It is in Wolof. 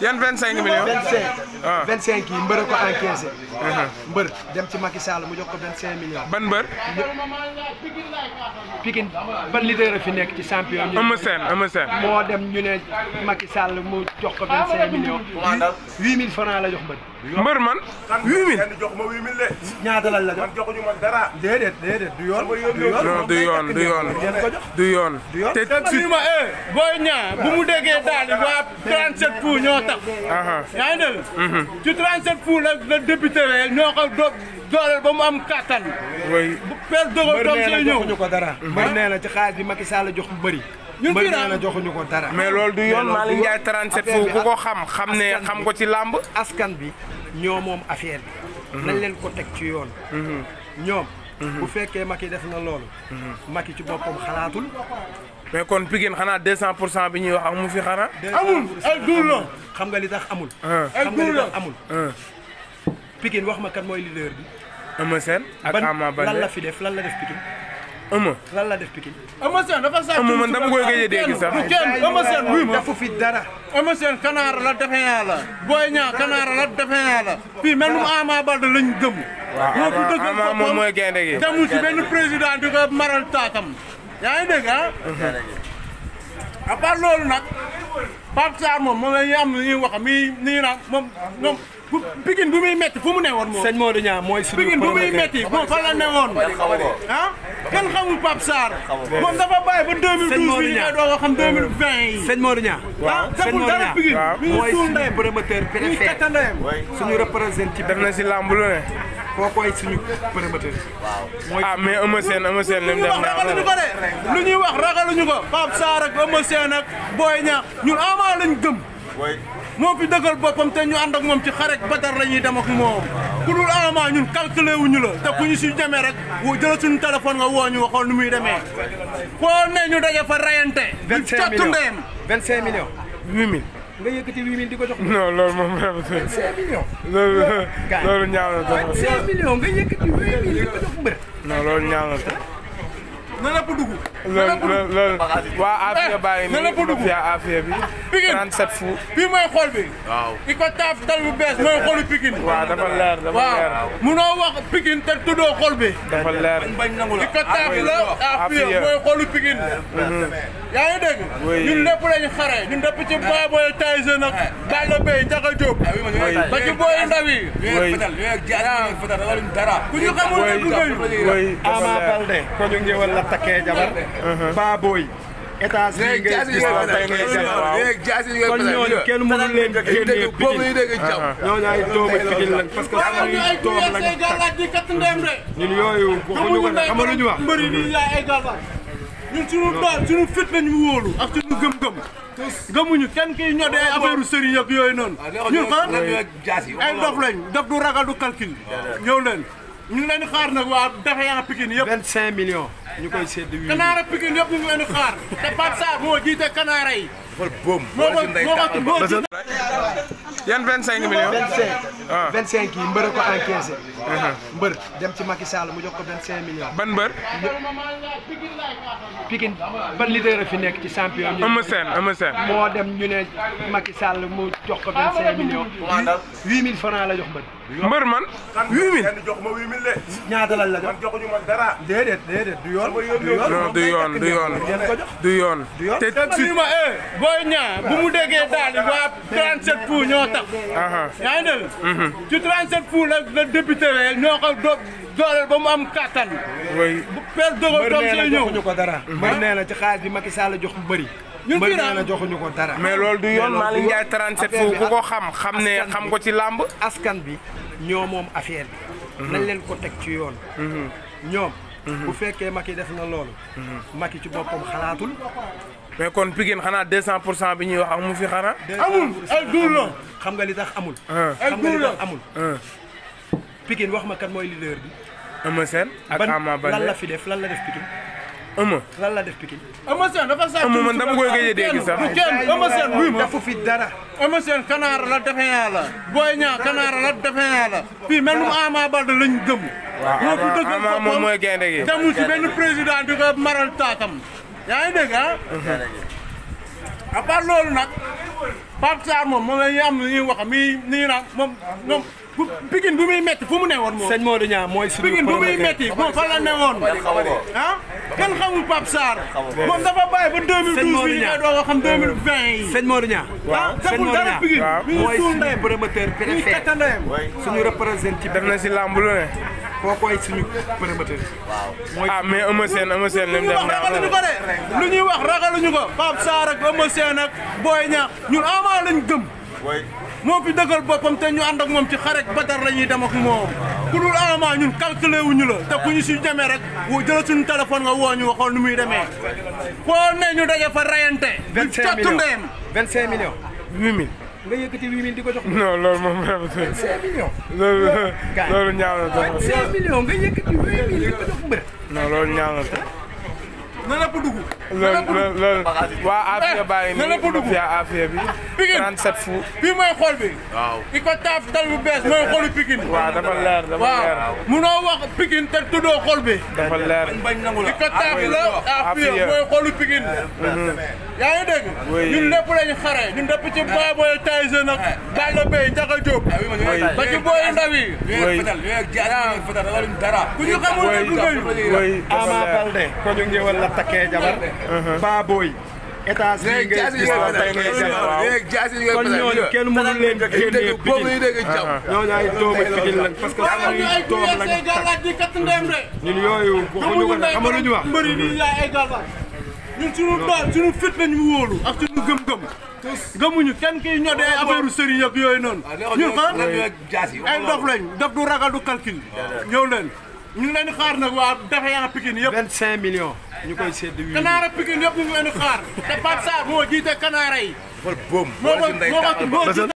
yan vingt cinq millions. vingt cinq ah. vingt cinq yi mbër a ko encaissé. Uh-huh. mbër dem ci Macky Sall mu jox ko vingt cinq millions. ban mbër. Pikine ban leader a fi nekk ci champion. Eumeu Sène Eumeu Sène. moo dem ñu ne Macky Sall mu jox ko vingt cinq millions. huit mille francs la jox mbër. mbër man huit mille. jox ma huit mille de. ñaata lañ la jox man joxuñu ma dara. déedéet déedéet du yoon. du yoon du yoon du yoon. du yoon te. Eh, booy ñaa bu mu déggee daal 37 pour ñoo tax. yaa ngi mhm. ci 37 pour la la député rek ñoo ko ba mu am kattan. oui père Dodo doom see ñëw ko dara. Mhm. mbër nee na ci xaalis bi saal Sall jox mu bëri. ñun fii daal joxuñu ko dara. mais loolu du yoon Malick Ndiaye 37 pour ku ko xam xam ne xam ko ci làmb. askan bi ñoo moom affaire bi. Mhm. nañ leen ko teg ci yoon. ñoom. bu fekkee Macky def na lool Macky ci boppam xalaatul. mais kon Pikine xanaa 200 pour cent bi ñuy wax amu fi xanaa. amul ay duul la xam nga li tax amul. Ah. ay duul la xam amul. Ah. Pikine wax ma kan mooy leader bi. Eumeu Sène ak Ama Baldé lan la fi def lan la def Pikine. Eumeu lan la def Pikine. Eumeu Sène dafa saa Eumeu man dama koy gëj a sax. kenn Eumeu Sène buy defu fi dara. Eumeu Sène kanaara la defe naa la. Boy Niang kanaara la defe naa la. fii mel ni Ama Baldé lañ gëm. waaw Ama Ama moom mooy gaynde gi. demul ci benn président di ko taatam. ñaa ngi dégg ah? a à part loolu nag Pape Sarr moom moom la ñuy wax mi nii naan moom ñoom bu Pikine bu muy métti fu mu ne woon moom. sëñ Modou Niang mooy suñu Pikine bu muy métti moom fa la ne woon. ah kenn xamul Pape Sarr. moom dafa bàyyi ba 2012 bi ñu doog a xam 2020 yi. sëñ Modou Niang. waaw ah, sëñ Modou Niang waaw mooy suñu promoteur préféré suñu représenté. def na si lamb ne. koy suñu promoteur. waaw ah mais Eumeu Sène Eumeu Sène lim def naa ko lu ñuy wax ragaluñu ko Pape Sarr ak Eumeu Sène ak ñun Ama lañ gëm. moo fi dëggal boppam te ñu ànd ak moom ci xarek batar la ñuy dem ak moom ku dul Ama ñun calculé wuñu la te ku ñu si jamee rek woo jëlal suñu téléphone nga woo ñu nga xool nu muy demee foo ne ñu daje fa rayante. ñu cottu ndeyam 25 millions 25 millions 8000. nga yëkkati huit mille di ko jox. non loolu moom rafetlu. cinq millions. loolu loolu ñaaw na trop. cinq millions nga yëkkati huit mille di ko jox mbër. non loolu ñaaw na trop. na la ko dugg. loolu loolu loolu. waa Afia bàyyi eh, nii. na la ko dugg Afia bi. Pikine 37 fu. fii mooy xool bi. waaw ki ko taaf tal bu bees mooy xoolu Pikine. waaw dafa leer dafa leer waaw munoo wax Pikine te tuddoo xool bi. dafa leer ki ko taaf la afiya mooy xoolu Pikine. yaa ngi dégg. ñun lépp lañ xare ñun lépp ci baa booy Tyson ak Balla Beye Ndiaga Diop. ba ci booy ndaw yi. yooyu dara. ku ñu xamul ne du Ama Balde ko ñu ngi wala takkee jabar. baa booy. état bi ngay gis waaw tey leen génnee Pikine ah, ah. ñooñu ay doomu parce que ay doom lañ takk ñun yooyu waxuñu ko ñu wax. ñun suñu dool suñu fit lañu wóolu ak suñu gëm-gëm gëmuñu kenn kiy ñodde ay affaire sëriñ yooyu noonu ah, ñun xam ay dof lañ dof du ragal du calcul ñëw leen ñu ngi leen xaar nag waa dafa yaa Pikine yëpp ñu koy sedd wii kanaara Pikine yëpp ñu ngi xaar te Pape Sarr moo jiite kanaara yi. xool boom moo ko moo cinq moo yan 25 ah. yi mbër a ko encaissé. Uh-huh. mbër dem ci Macky Sall mu jox ko 25 millions. ban mbër. Pikine ban leader fi nekk ci champion. Eumeu Sène Eumeu Sène. moo dem ñu ne Macky Sall mu jox ko 25 millions. 8000 francs la jox mbër. mbër man. 8000 jox ma 8000 de. ñaata lañ la jox man joxuñu ma dara. non du yoon du yoon du yoon. te te ma eh booy ñaa bu mu déggee daal waa 37 pour ñoo tax. yaa ngi dégg. Mhm. ci 37 pour la la député rek ñoo ko do dooleel ba mu am kattan. oui per dogal doom see ñëw ñu ko dara. Ah? mbër nee na ci xaalis bi Macky jox mu bëri. ñun fii daal joxuñu ko dara. mais loolu du yoon Malick Ndiaye 37 pour ku ko xam xam ne xam ko ci làmb. askan bi ñoo moom affaire bi. Mhm. leen ko teg ci yoon. Mhm. ñoom. Mm-hmm. bu fekkee Macky def na loolu. Mm-hmm. Macky ci boppam xalaatul. mais kon Pikine xanaa 200 pour cent bi ñuy wax amu fi xanaa. amul ay duul la xam nga li tax amul. ay ah. xam nga li tax amul. Ah. Pikine wax ma kan mooy leader bi. Eumeu Sène ak Ama Baldé lan la fi def lan la def Pikine. Eumeu lan la def Pikine. Eumeu Sène dafa sàcc Eumeu man dama koy gëj a dégg sax kenn fi dara. Eumeu la defee la. Boy Niang kanaara la defee mel ni Ama Baldé lañ gëm. waaw Ama moom mooy gaynde gi demul ci président di maral taatam. yaa ngi dégg ah. à part loolu nag Pape Sarr moom moom la ñuy am lu ñuy wax mi nii naan moom fu mu ne woon moom. sëñ Modou Niang mooy suñu Pikine bu muy métti moom fan la ne woon kenn xamul Pape Sarr. moom dafa bàyyi ba 2012 bi ñu koy doog a xam 2020 euh, yi. sëñ Modou Niang. Ah, waaw sëñ Modou Niang mooy suñu promoteur préfet suñu représenté. na si lamb lu ne. kooku ay suñu promoteur. mooy ah mais Eumeu Sène Eumeu Sène lim dem ragaluñu ko de lu ñuy wax ragaluñu ko Pape Sarr ak Eumeu Sène ak Boy Niang ñun gëm. moo fi dëggal boppam te ñu ànd ak moom ci xarek batar la ñuy dem ak moom ku dul alama ñun calculé wuñu la te ku ñu si demee rek wu jëla suñu téléphone nga woo ñu waxoon nu muy demee foo ne ñu daje fa rayante ñu cottu ndeem vingt cinq millions huit di ko jox. non loolu moom vraiment. 25 millions. loolu loolu ñaaw na. 25 millions nga yëkkati 8000 di ko jox mbër. loolu ñaaw na. na lépp dugg. loolu loolu waa Afia eh, bàyyi nii. na lépp dugg Afia bi. Pikine 37 fu. bii mooy xol bi. i ko taaf tal bu bees mooy xolu Pikine. waaw dafa leer dafa leer. waaw munoo wax Pikine te tuddoo xol bi. dafa la Afia mooy xolu Pikine. Mhm. yaa ngi dégg. ñun lépp lañ xare ñun dëpp ci Baboye Tyson ak Balla Beye Ndiaga Diop. Ah, ba ci booy ndaw yi. ku ñu xamul ne du doy. Ama Balde ko takkee jabar. baabooy. étage yi ngay gis nga takkee jabar kon ay pikin lañ parce que suñuy doom lañ takk ñun yooyu waxuñu ko ñu wax. ñun suñu doon suñu fit lañu wóolu ak suñu gëm-gëm. gëmuñu kenn kiy ñodde ay yooyu noonu. ñun fan ay dof lañ dof du ragal du calcul. ñëw leen ñu ngi leen i xaar nag waa dafa yaa Pikine yëpp. ñu koy sedd wi kanaara Pikine yëpp ñu ngi leen di xaar te Pape Sarr moo jiite kanaara yi. moo ko moo ko